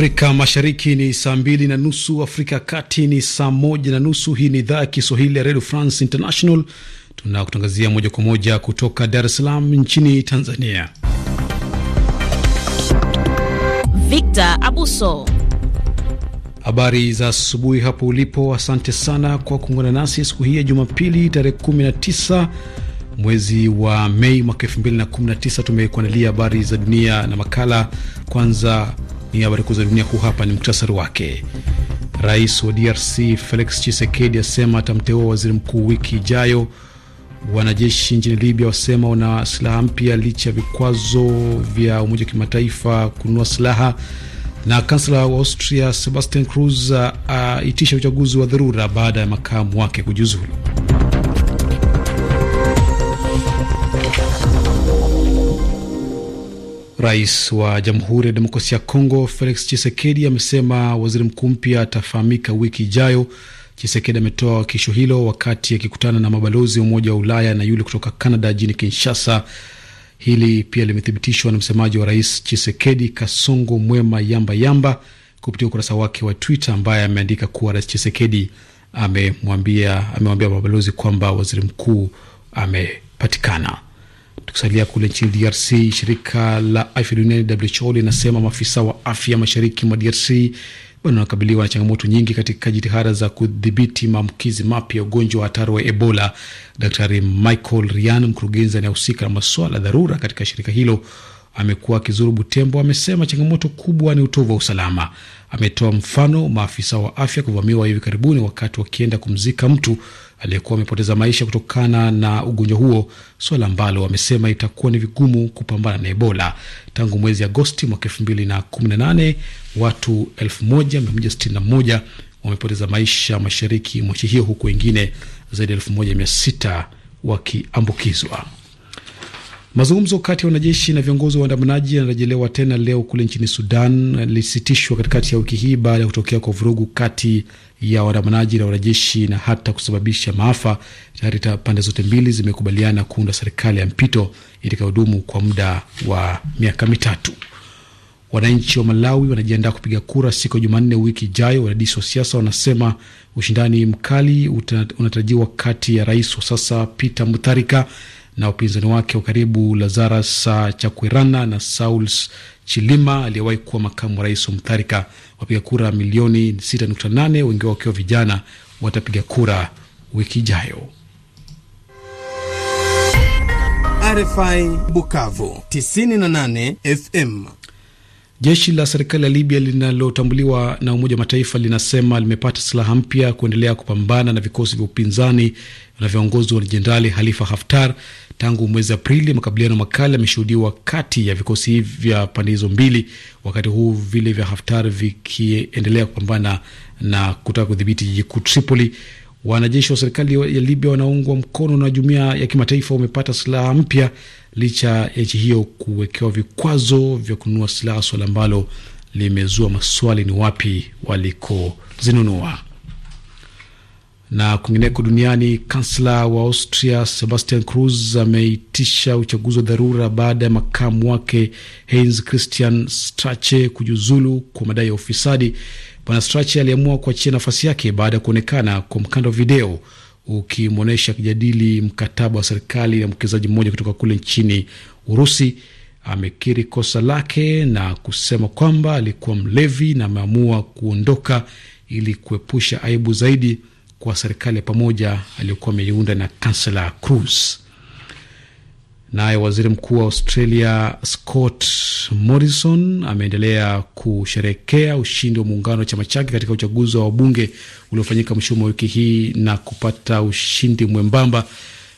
Afrika Mashariki ni saa mbili na nusu, Afrika ya Kati ni saa moja na nusu. Hii ni idhaa ya Kiswahili ya Redio France International, tunakutangazia moja kwa moja kutoka Dar es Salaam nchini Tanzania. Victor Abuso, habari za asubuhi hapo ulipo. Asante sana kwa kuungana nasi siku hii ya Jumapili, tarehe 19 mwezi wa Mei mwaka 2019. Tumekuandalia habari za dunia na makala. Kwanza ni habari kuu za dunia, huu hapa ni muktasari wake. Rais wa DRC Felix Tshisekedi asema atamteua waziri mkuu wiki ijayo. Wanajeshi nchini Libya wasema wana silaha mpya licha ya vikwazo vya Umoja wa Kimataifa kununua silaha. Na kansela wa Austria Sebastian Kurz aitisha uchaguzi wa dharura baada ya makamu wake kujiuzulu. Rais wa Jamhuri ya Demokrasia ya Kongo Felix Chisekedi amesema waziri mkuu mpya atafahamika wiki ijayo. Chisekedi ametoa hakikisho hilo wakati akikutana na mabalozi wa Umoja wa Ulaya na yule kutoka Canada jini Kinshasa. Hili pia limethibitishwa na msemaji wa rais Chisekedi Kasongo Mwema Yamba Yamba kupitia ukurasa wake wa Twitter, ambaye ameandika kuwa rais Chisekedi amemwambia amewambia mabalozi kwamba waziri mkuu amepatikana. Tukisalia kule nchini DRC, shirika la afya duniani WHO linasema maafisa wa afya mashariki mwa DRC bado wanakabiliwa na changamoto nyingi katika jitihada za kudhibiti maambukizi mapya ya ugonjwa wa hatari wa Ebola. Daktari Michael Ryan, mkurugenzi anayehusika na masuala ya dharura katika shirika hilo, amekuwa akizuru Butembo, amesema changamoto kubwa ni utovu wa usalama ametoa mfano maafisa wa afya kuvamiwa hivi karibuni wakati wakienda kumzika mtu aliyekuwa amepoteza maisha kutokana na ugonjwa huo, suala ambalo wamesema itakuwa ni vigumu kupambana na Ebola. Tangu mwezi Agosti mwaka 218 watu 1161 wamepoteza maisha mashariki mwa nchi hiyo, huku wengine zaidi ya wakiambukizwa. Mazungumzo kati ya wanajeshi na viongozi wa waandamanaji yanarejelewa tena leo kule nchini Sudan. Lilisitishwa katikati ya wiki hii baada ya kutokea kwa vurugu kati ya waandamanaji na wanajeshi na hata kusababisha maafa. Tayari pande zote mbili zimekubaliana kuunda serikali ya mpito itakayodumu kwa muda wa miaka mitatu. Wananchi wa Malawi wanajiandaa kupiga kura siku ya Jumanne wiki ijayo. Wadadisi wa siasa wanasema ushindani mkali unatarajiwa kati ya rais wa sasa Peter Mutharika na upinzani wake wa karibu Lazarus Chakwirana na Sauls Chilima aliyewahi kuwa makamu wa rais wa Mutharika. Wapiga kura milioni 6.8 wengi wao wakiwa vijana watapiga kura wiki ijayo. RFI Bukavu 98 FM. Jeshi la serikali ya Libya linalotambuliwa na Umoja wa Mataifa linasema limepata silaha mpya kuendelea kupambana na vikosi vya upinzani vinavyoongozwa na Jenerali Halifa Haftar Tangu mwezi Aprili, makabiliano makali yameshuhudiwa kati ya vikosi vya pande hizo mbili, wakati huu vile vya Haftar vikiendelea kupambana na kutaka kudhibiti jiji kuu Tripoli. Wanajeshi wa serikali ya Libya wanaungwa mkono na jumuiya ya kimataifa wamepata silaha mpya licha ya nchi hiyo kuwekewa vikwazo vya kununua silaha, swala ambalo limezua maswali ni wapi walikozinunua. Na kwingineko duniani, kansla wa Austria Sebastian Kurz ameitisha uchaguzi wa dharura baada ya makamu wake Heinz Christian Strache kujiuzulu kwa madai ya ufisadi. Bwana Strache aliamua kuachia nafasi yake baada ya kuonekana kwa mkanda wa video ukimwonyesha akijadili mkataba wa serikali na mwekezaji mmoja kutoka kule nchini Urusi. Amekiri kosa lake na kusema kwamba alikuwa mlevi na ameamua kuondoka ili kuepusha aibu zaidi kwa serikali ya pamoja aliyokuwa ameiunda na kansela Cruz. Naye waziri mkuu wa Australia Scott Morrison ameendelea kusherehekea ushindi wa muungano wa chama chake katika uchaguzi wa wabunge uliofanyika mwishoni mwa wiki hii na kupata ushindi mwembamba.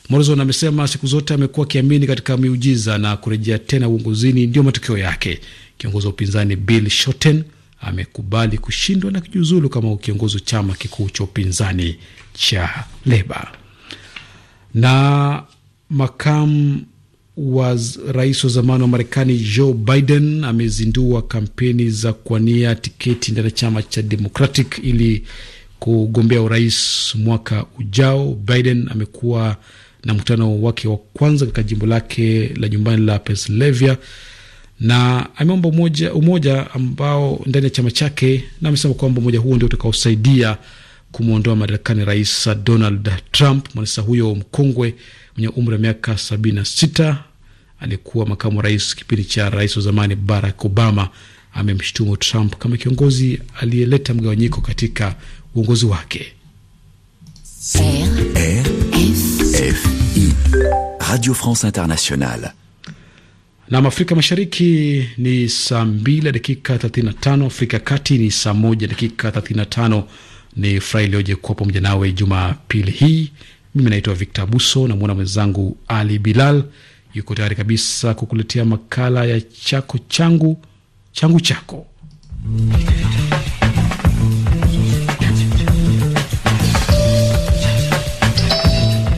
Morrison amesema siku zote amekuwa akiamini katika miujiza na kurejea tena uongozini ndio matokeo yake. Kiongozi wa upinzani Bill Shorten amekubali kushindwa na kujiuzulu kama ukiongozi chama kikuu cha upinzani cha Leba. Na makamu wa rais wa zamani wa Marekani Joe Biden amezindua kampeni za kuwania tiketi ndani ya chama cha Democratic ili kugombea urais mwaka ujao. Biden amekuwa na mkutano wake wa kwanza katika jimbo lake la nyumbani la Pennsylvania na ameomba umoja, umoja ambao ndani ya chama chake, na amesema kwamba umoja huo ndio utakaosaidia kumwondoa madarakani Rais Donald Trump. Mwanasiasa huyo mkongwe mwenye umri wa miaka 76 aliyekuwa makamu wa rais kipindi cha rais wa zamani Barack Obama amemshutumu Trump kama kiongozi aliyeleta mgawanyiko katika uongozi wake. Radio France Internationale na Afrika Mashariki ni saa 2 dakika 35, Afrika ya Kati ni saa 1 dakika 35. Ni furaha iliyoje kuwa pamoja nawe Jumapili hii. Mimi naitwa Victor Buso, namwona mwenzangu Ali Bilal yuko tayari kabisa kukuletea makala ya chako changu changu chako.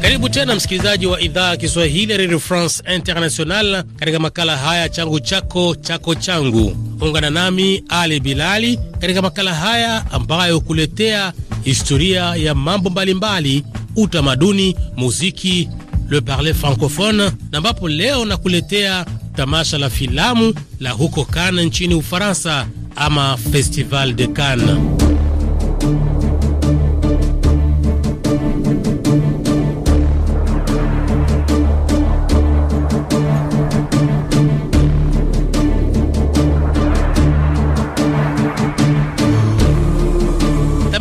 Karibu tena msikilizaji wa idhaa ya Kiswahili ya Radio France International katika makala haya changu chako chako changu. Ungana nami Ali Bilali katika makala haya ambayo hukuletea historia ya mambo mbalimbali, utamaduni, muziki, le parler francophone, na ambapo leo nakuletea tamasha la filamu la huko Cannes nchini Ufaransa ama Festival de Cannes.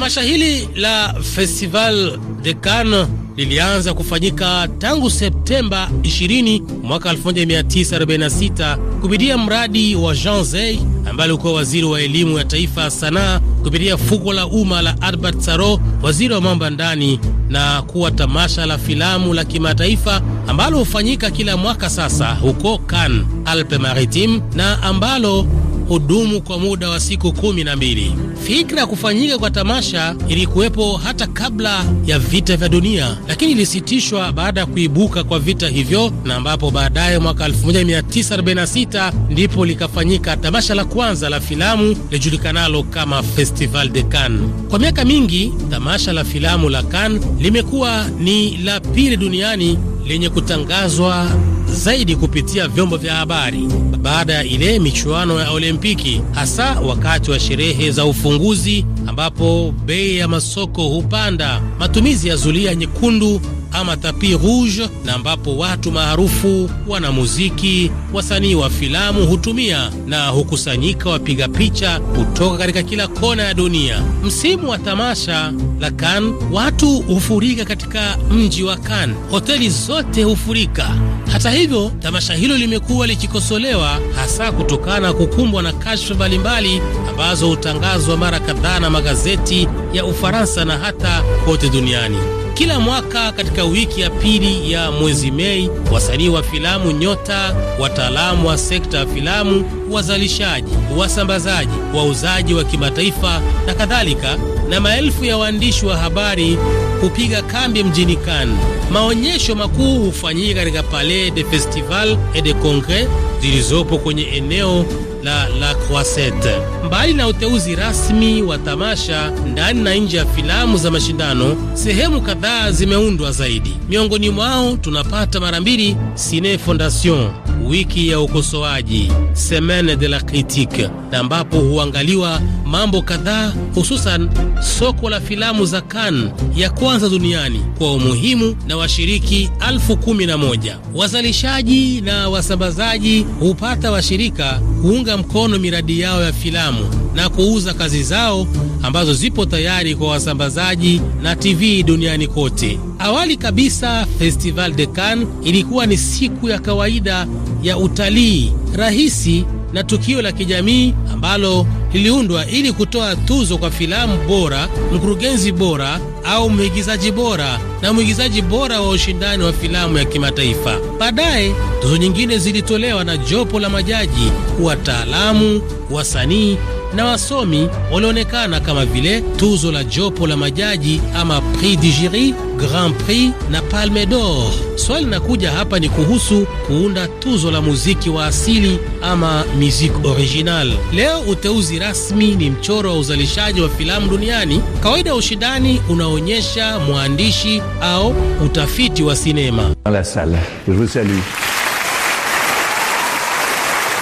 Tamasha hili la Festival de Cannes lilianza kufanyika tangu Septemba 20 mwaka 1946 kupitia mradi wa Jean Zay ambaye alikuwa waziri wa elimu ya taifa sanaa, kupitia fuko la umma la Albert Saro, waziri wa mambo ya ndani, na kuwa tamasha la filamu la kimataifa ambalo hufanyika kila mwaka sasa huko Cannes Alpes Maritimes na ambalo hudumu kwa muda wa siku kumi na mbili. Fikra ya kufanyika kwa tamasha ilikuwepo hata kabla ya vita vya dunia, lakini ilisitishwa baada ya kuibuka kwa vita hivyo, na ambapo baadaye mwaka 1946 ndipo likafanyika tamasha la kwanza la filamu lijulikanalo kama Festival de Cannes. Kwa miaka mingi tamasha la filamu la Cannes limekuwa ni la pili duniani lenye kutangazwa zaidi kupitia vyombo vya habari baada ya ile michuano ya Olimpiki, hasa wakati wa sherehe za ufunguzi ambapo bei ya masoko hupanda, matumizi ya zulia nyekundu ama tapi rouge, na ambapo watu maarufu, wanamuziki, wasanii wa filamu hutumia na hukusanyika wapiga picha kutoka katika kila kona ya dunia. Msimu wa tamasha la Cannes, watu hufurika katika mji wa Cannes, hoteli zote hufurika. Hata hivyo, tamasha hilo limekuwa likikosolewa hasa kutokana na kukumbwa na kashfa mbalimbali ambazo hutangazwa mara kadhaa na magazeti ya Ufaransa na hata kote duniani. Kila mwaka katika wiki ya pili ya mwezi Mei, wasanii wa filamu nyota, wataalamu wa sekta ya filamu, wazalishaji, wasambazaji, wauzaji wa kimataifa na kadhalika, na maelfu ya waandishi wa habari hupiga kambi mjini Cannes. Maonyesho makuu hufanyika katika Palais de Festival et de Congrès zilizopo kwenye eneo la La Croisette. Mbali na uteuzi rasmi wa tamasha ndani na nje ya filamu za mashindano, sehemu kadhaa zimeundwa zaidi. Miongoni mwao tunapata mara mbili Cine Fondation wiki ya ukosoaji Semaine de la Critique, na ambapo huangaliwa mambo kadhaa, hususan soko la filamu za Cannes ya kwanza duniani kwa umuhimu na washiriki elfu kumi na moja. Wazalishaji na wasambazaji hupata washirika kuunga mkono miradi yao ya filamu na kuuza kazi zao ambazo zipo tayari kwa wasambazaji na TV duniani kote. Awali kabisa, Festival de Cannes ilikuwa ni siku ya kawaida ya utalii rahisi na tukio la kijamii ambalo liliundwa ili kutoa tuzo kwa filamu bora, mkurugenzi bora au mwigizaji bora na mwigizaji bora wa ushindani wa filamu ya kimataifa. Baadaye tuzo nyingine zilitolewa na jopo la majaji, wataalamu, wasanii na wasomi walionekana kama vile tuzo la jopo la majaji ama prix du jury, grand prix na palme d'or. Swali linakuja hapa ni kuhusu kuunda tuzo la muziki wa asili ama musique original. Leo uteuzi rasmi ni mchoro wa uzalishaji wa filamu duniani. Kawaida ya ushindani unaonyesha mwandishi au utafiti wa sinema. La salle. Je vous salue.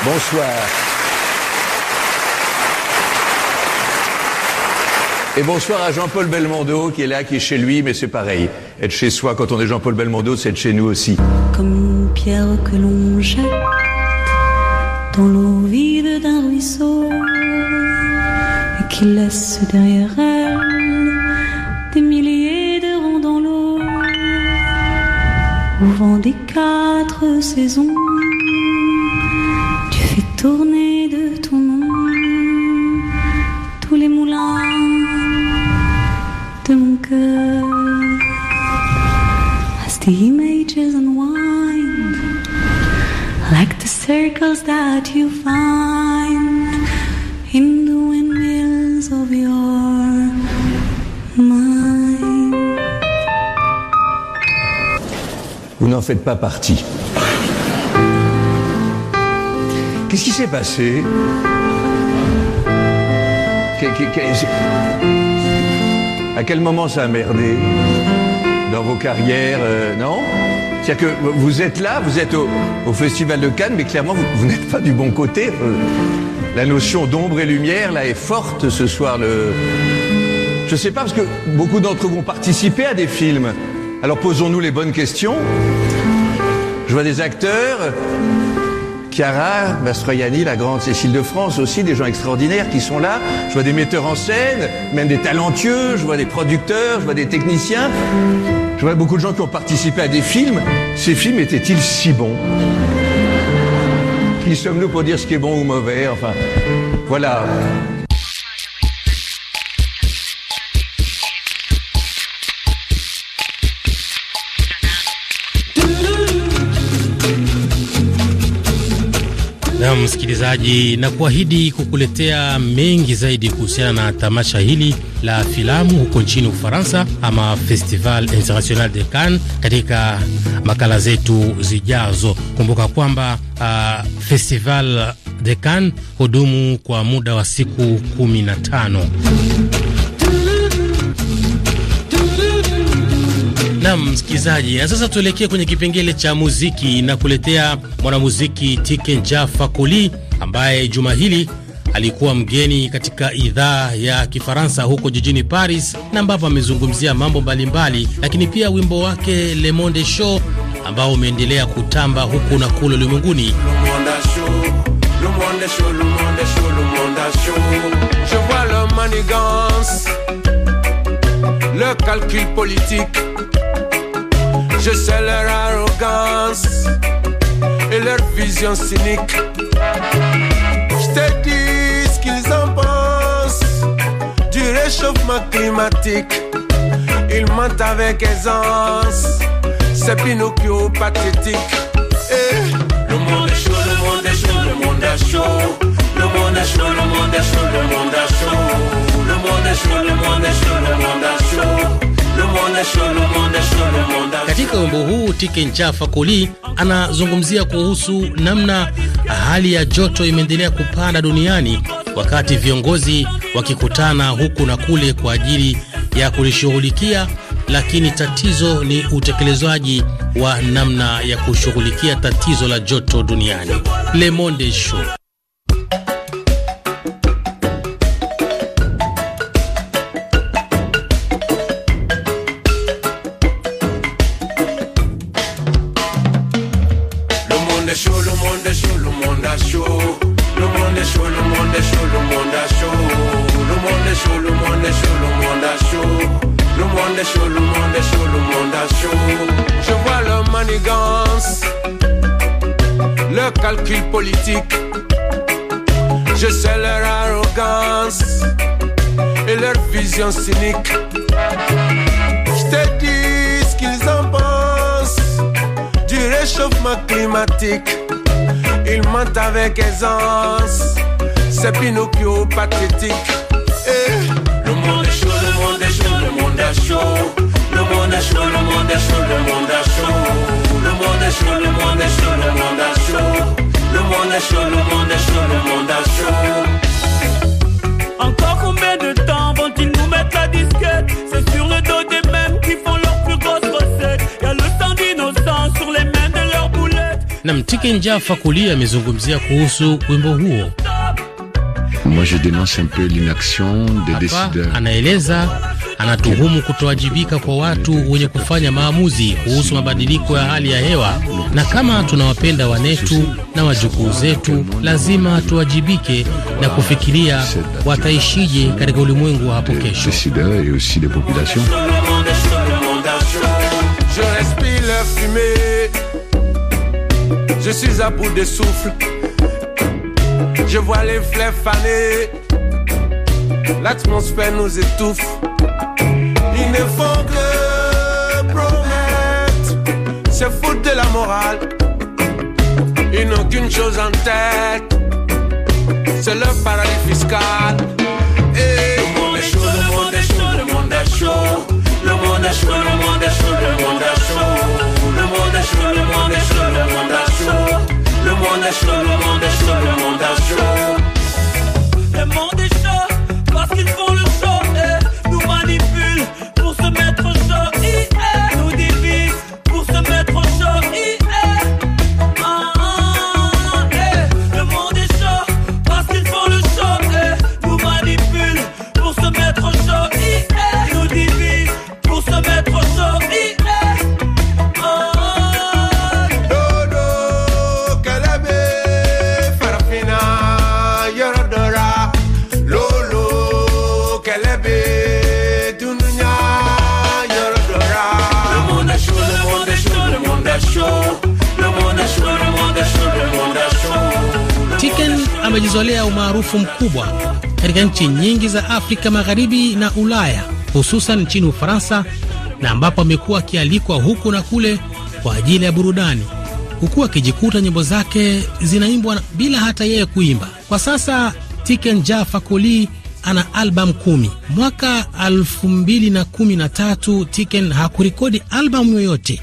Bonsoir. Et bonsoir à Jean-Paul Belmondo qui est là, qui est chez lui, mais c'est pareil. Être chez soi quand on est Jean-Paul Belmondo, c'est être chez nous aussi. Comme une pierre que l'on jette dans l'eau vide d'un ruisseau et qui laisse derrière elle des milliers de ronds dans l'eau au vent des quatre saisons, tu fais tourner Vous n'en faites pas partie. Qu'est-ce qui s'est passé À quel moment ça a merdé Dans vos carrières, euh, non c'est-à-dire que vous êtes là, vous êtes au, Festival de Cannes, mais clairement, vous, n'êtes pas du bon côté. Euh. la notion d'ombre et lumière, là, est forte ce soir. Je ne sais pas, parce que beaucoup d'entre vous ont participé à des films. Alors posons-nous les bonnes questions. Je vois des acteurs, Mastroianni, la grande Cécile de France aussi, des gens extraordinaires qui sont là. Je vois des metteurs en scène, même des talentueux, je vois des producteurs, je vois des techniciens. Je vois beaucoup de gens qui ont participé à des films. Ces films étaient-ils si bons Qui sommes-nous pour dire ce qui est bon ou mauvais Enfin, voilà. Na msikilizaji, na kuahidi kukuletea mengi zaidi kuhusiana na tamasha hili la filamu huko nchini Ufaransa ama Festival International de Cannes katika makala zetu zijazo. Kumbuka kwamba uh, Festival de Cannes hudumu kwa muda wa siku 15. Nam msikilizaji, na sasa tuelekee kwenye kipengele cha muziki na kuletea mwanamuziki Tikenja Fakoli ambaye juma hili alikuwa mgeni katika idhaa ya Kifaransa huko jijini Paris, na ambapo amezungumzia mambo mbalimbali mbali, lakini pia wimbo wake Le Monde Show ambao umeendelea kutamba huku na kule ulimwenguni. Le calcul politique Je sais leur arrogance et leur vision cynique. Je te dis ce qu'ils en pensent du réchauffement climatique. Ils mentent avec aisance, c'est Pinocchio pathétique. Eh. le monde est chaud, le monde est chaud, le monde est chaud. Le monde est chaud, le monde est chaud, le monde est chaud. Le monde est chaud, le monde est chaud, le monde est chaud. Katika wimbo huu Tike Nchafa Fakoli anazungumzia kuhusu namna hali ya joto imeendelea kupanda duniani wakati viongozi wakikutana huku na kule kwa ajili ya kulishughulikia, lakini tatizo ni utekelezaji wa namna ya kushughulikia tatizo la joto duniani. Le Monde Show. le monde a chaud. Le monde est chaud, le monde est chaud, le monde a chaud. Le monde est chaud, le monde est chaud, le monde a chaud. Le monde est chaud, le monde est chaud, le monde a chaud. Je vois leur manigance, leur calcul politique. Je sais leur arrogance et leur vision cynique. Je te dis ce qu'ils en pensent du réchauffement climatique il ment avec aisance. C'est Pinocchio pathétique. le monde est chaud, le monde est chaud, le monde est chaud. Le monde est chaud, le monde est chaud, le monde est chaud. Le monde est chaud, le monde est chaud, le monde est chaud. Le monde est chaud, le monde est chaud, le monde est chaud. Encore combien de temps vont-ils nous mettre la disquette na Mtike Njafa Kulia amezungumzia kuhusu wimbo huo. Hapa anaeleza, anatuhumu kutowajibika kwa watu wenye kufanya maamuzi kuhusu mabadiliko ya hali ya hewa, na kama tunawapenda wanetu na wajukuu zetu, lazima tuwajibike na kufikiria wataishije katika ulimwengu wa hapo kesho. Je suis à bout de souffle. Je vois les fleurs faner. L'atmosphère nous étouffe. Il ne font que promettre. C'est foutre de la morale. Ils n'ont qu'une chose en tête. C'est le paradis fiscal. est eh, le monde est chaud. Le monde est chaud, le monde est chaud, le monde est chaud. Le monde est chaud. Afrika Magharibi na Ulaya, hususan nchini Ufaransa, na ambapo amekuwa akialikwa huku na kule kwa ajili ya burudani, huku akijikuta nyimbo zake zinaimbwa bila hata yeye kuimba. Kwa sasa Tiken Jah Fakoly ana albamu kumi. Mwaka 2013 Tiken hakurekodi albamu yoyote,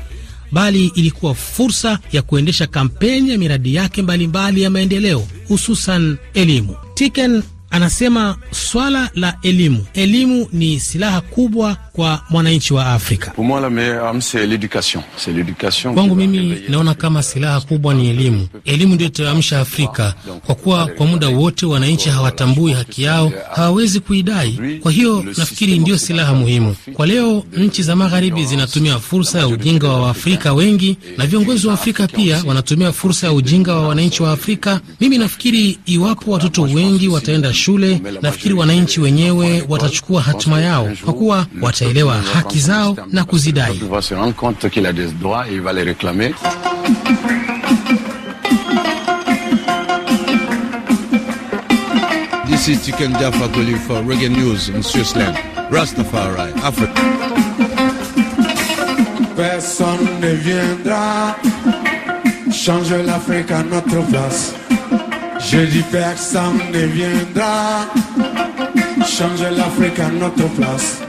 bali ilikuwa fursa ya kuendesha kampeni ya miradi yake mbalimbali mbali ya maendeleo, hususan elimu. Tiken Anasema swala la elimu, elimu ni silaha kubwa kwa mwananchi wa Afrika. Kwangu mimi naona kama silaha kubwa ni elimu. Elimu ndio itayoamsha Afrika, kwa kuwa kwa muda wote wananchi hawatambui haki yao, hawawezi kuidai. Kwa hiyo nafikiri ndiyo silaha muhimu kwa leo. Nchi za magharibi zinatumia fursa ya ujinga wa Waafrika wengi, na viongozi wa Afrika pia wanatumia fursa ya ujinga wa wananchi wa Afrika. Mimi nafikiri iwapo watoto wengi wataenda shule, nafikiri wananchi wenyewe watachukua hatima yao kwa kuwa wata et il va na kuzidai. This is Chicken Jaffa for Reggae News Monsieur Switzerland. Rastafari, Africa. Personne ne viendra changer l'Afrique à notre place. Je dis personne ne viendra changer l'Afrique à notre place.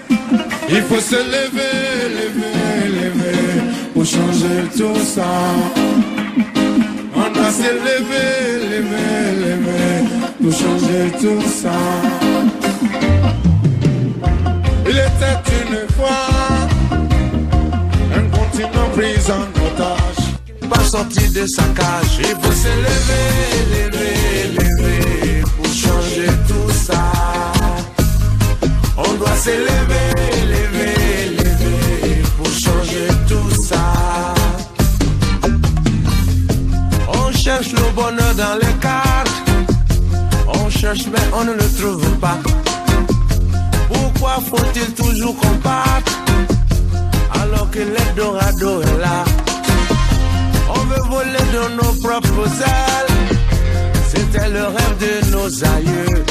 Il faut se lever, lever, lever pour changer tout ça. On a se lever, lever, lever pour changer tout ça. Il était une fois un continent pris en otage, pas sorti de sa cage. Il faut se lever, lever. on ne le trouve pas Pourquoi faut-il toujours combattre alors que l'Eldorado est là On veut voler de nos propres ailes, c'était le rêve de nos aïeux.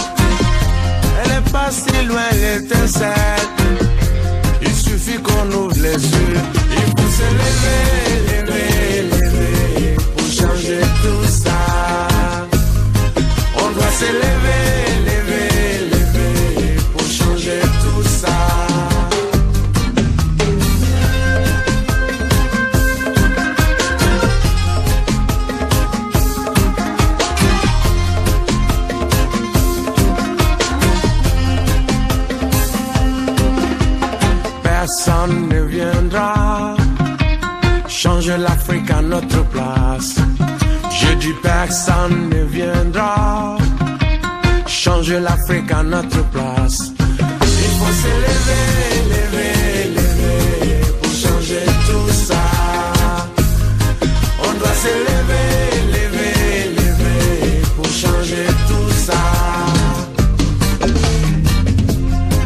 Elle est pas si loin l'étincelle, il suffit qu'on ouvre les yeux. Et pour se lever, lever, lever, pour changer tout ça. On doit se l'Afrique à notre place. Il faut se lever, lever, pour changer tout ça. On doit s'élever, lever, lever, pour changer tout ça.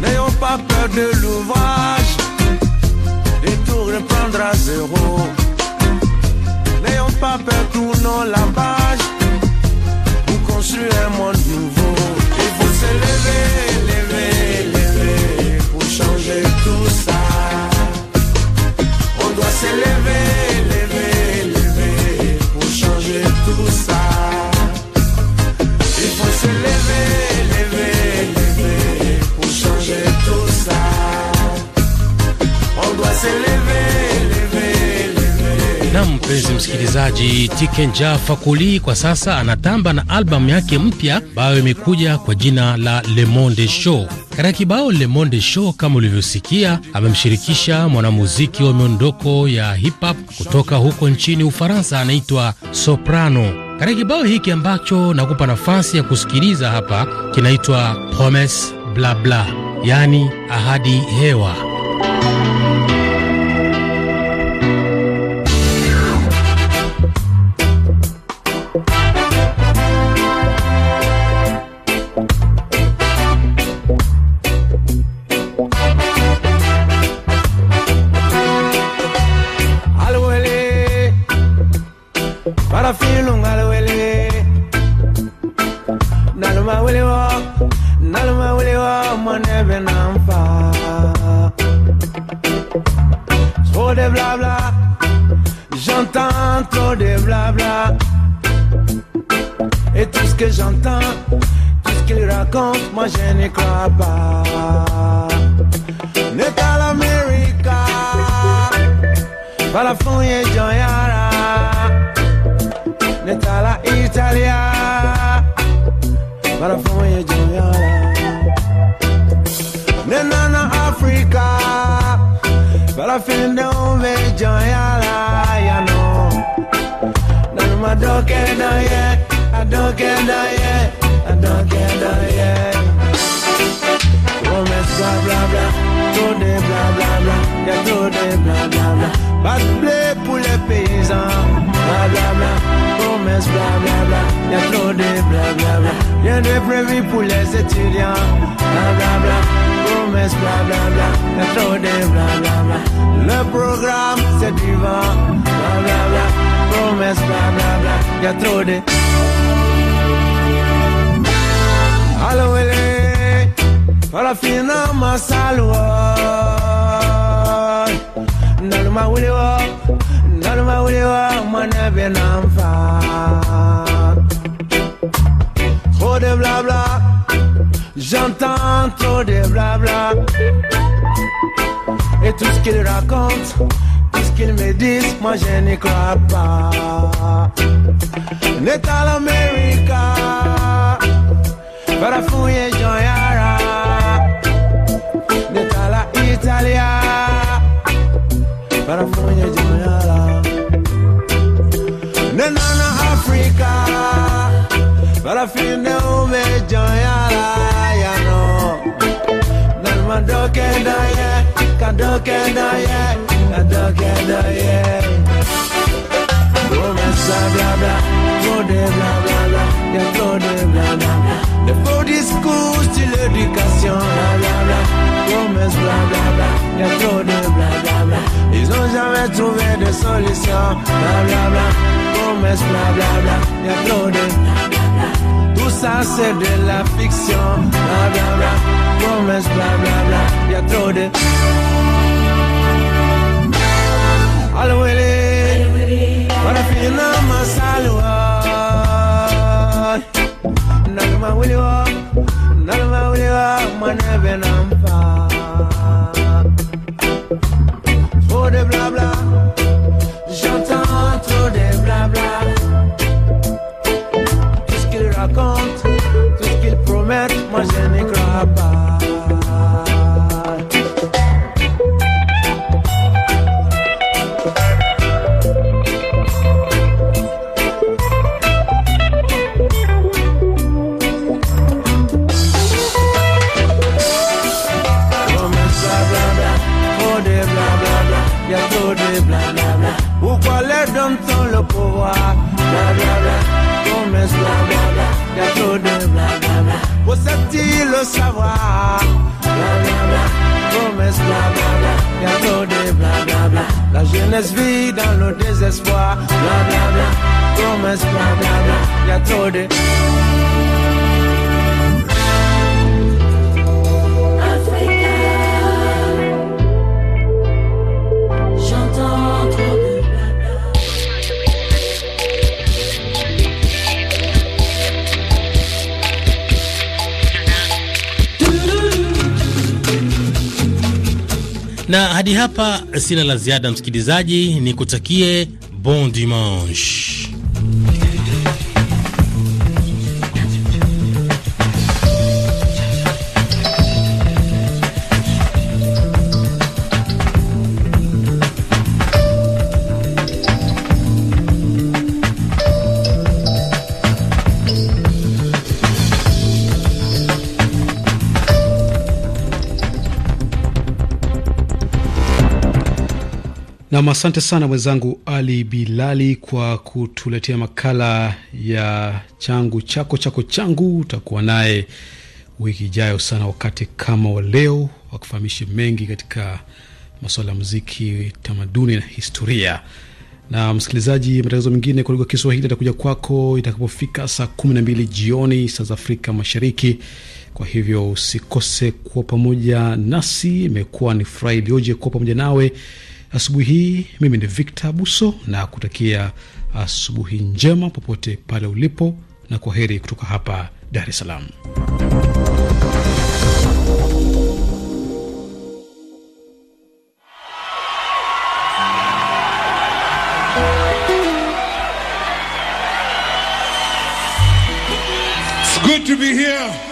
N'ayons pas peur de l'ouvrage et tout reprendre à zéro. N'ayons pas peur, tournons la bas Mwimbaji Tikenja Fakuli kwa sasa anatamba na albamu yake mpya ambayo imekuja kwa jina la Le Monde Show. Katika kibao Le Monde Show, kama ulivyosikia, amemshirikisha mwanamuziki wa miondoko ya hip hop kutoka huko nchini Ufaransa, anaitwa Soprano. Katika kibao hiki ambacho nakupa nafasi ya kusikiliza hapa, kinaitwa Promes Blabla, yaani ahadi hewa. La Promesse bla bla, blabla. bla bla bla, pour les paysans, la bla bla. Promesse bla bla bla, trop trode bla bla bla. prévu pour les étudiants, la bla bla. Promesse bla bla bla, trop bla bla bla. Le programme c'est vivant va, bla bla. Promesse bla bla bla, trop alwele farafina masalwa naluma wulewa naluma wulewa mwana bena mfa trop de blabla j'entends trop de blabla et tout ce qu'ils racontent tout ce qu'ils me disent moi je n'y crois pas n'est ce pas l'Amérique Barafuye Joyara Netala Italia Barafuye Joyara nana Africa Barafine Ume Joyara Yano Nanmadoke Daye Kadoke Daye Kadoke Daye Gomesa bla bla Gode bla bla bla Gode bla bla bla discours sur l'éducation. bla bla bla y a trop de bla. Ils n'ont jamais trouvé de solution. bla bla bla y a trop de bla Tout ça c'est de la fiction. bla bla bla y a trop de. Allo Willy, wanna feel no salud salwa. Nagma Willy. whenever I'm bientôt des blablabla. Bla, bla. La jeunesse vit dans le désespoir, blablabla. Bla, bla. Promesse, blablabla. Bla, bla. Y de. Na hadi hapa sina la ziada, msikilizaji, ni kutakie bon dimanche. Nam, asante sana mwenzangu Ali Bilali kwa kutuletea makala ya changu chako chako changu. Utakuwa naye wiki ijayo sana wakati kama wa leo, wakufahamishe mengi katika masuala ya muziki, tamaduni na historia. Na msikilizaji, matangazo mengine kwa lugha ya Kiswahili atakuja kwako itakapofika saa mbili jioni saa za Afrika Mashariki. Kwa hivyo usikose kuwa pamoja nasi. Imekuwa ni furaha iliyoje kuwa pamoja nawe asubuhi hii. Mimi ni Victor Buso na kutakia uh, asubuhi njema popote pale ulipo, na kwa heri kutoka hapa Dar es Salaam. It's good to be here.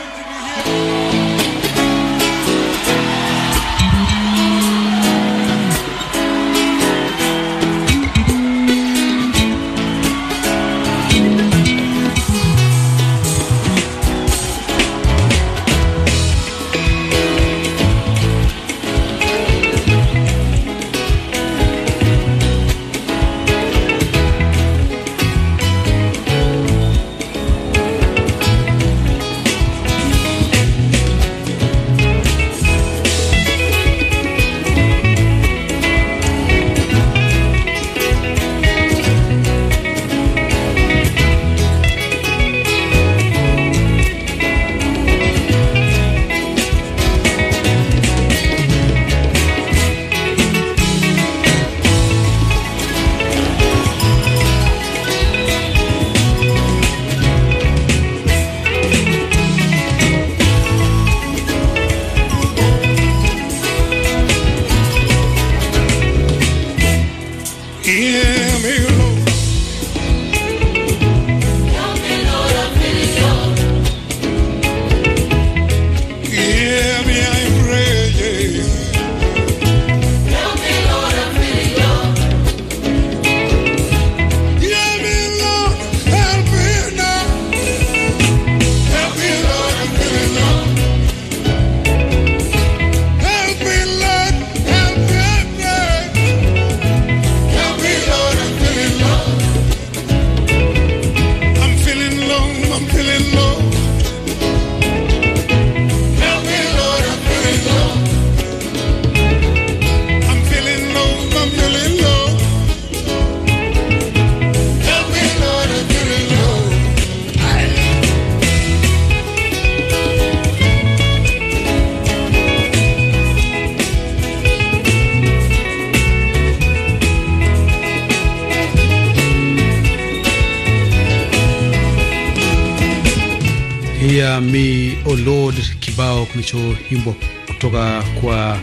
kibao kilichoimbwa kutoka kwa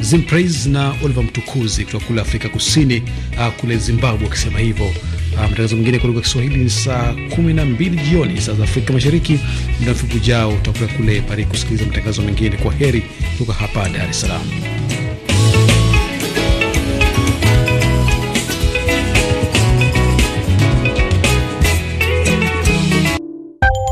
Zimpraise na Oliver Mtukuzi kutoka kule Afrika Kusini, uh, kule Zimbabwe wakisema hivyo. Uh, matangazo mengine kwa lugha ya Kiswahili ni saa 12 jioni saa za Afrika Mashariki. Muda mfupi ujao utakuwa kule Paris kusikiliza matangazo mengine. Kwa heri kutoka hapa Dar es Salaam.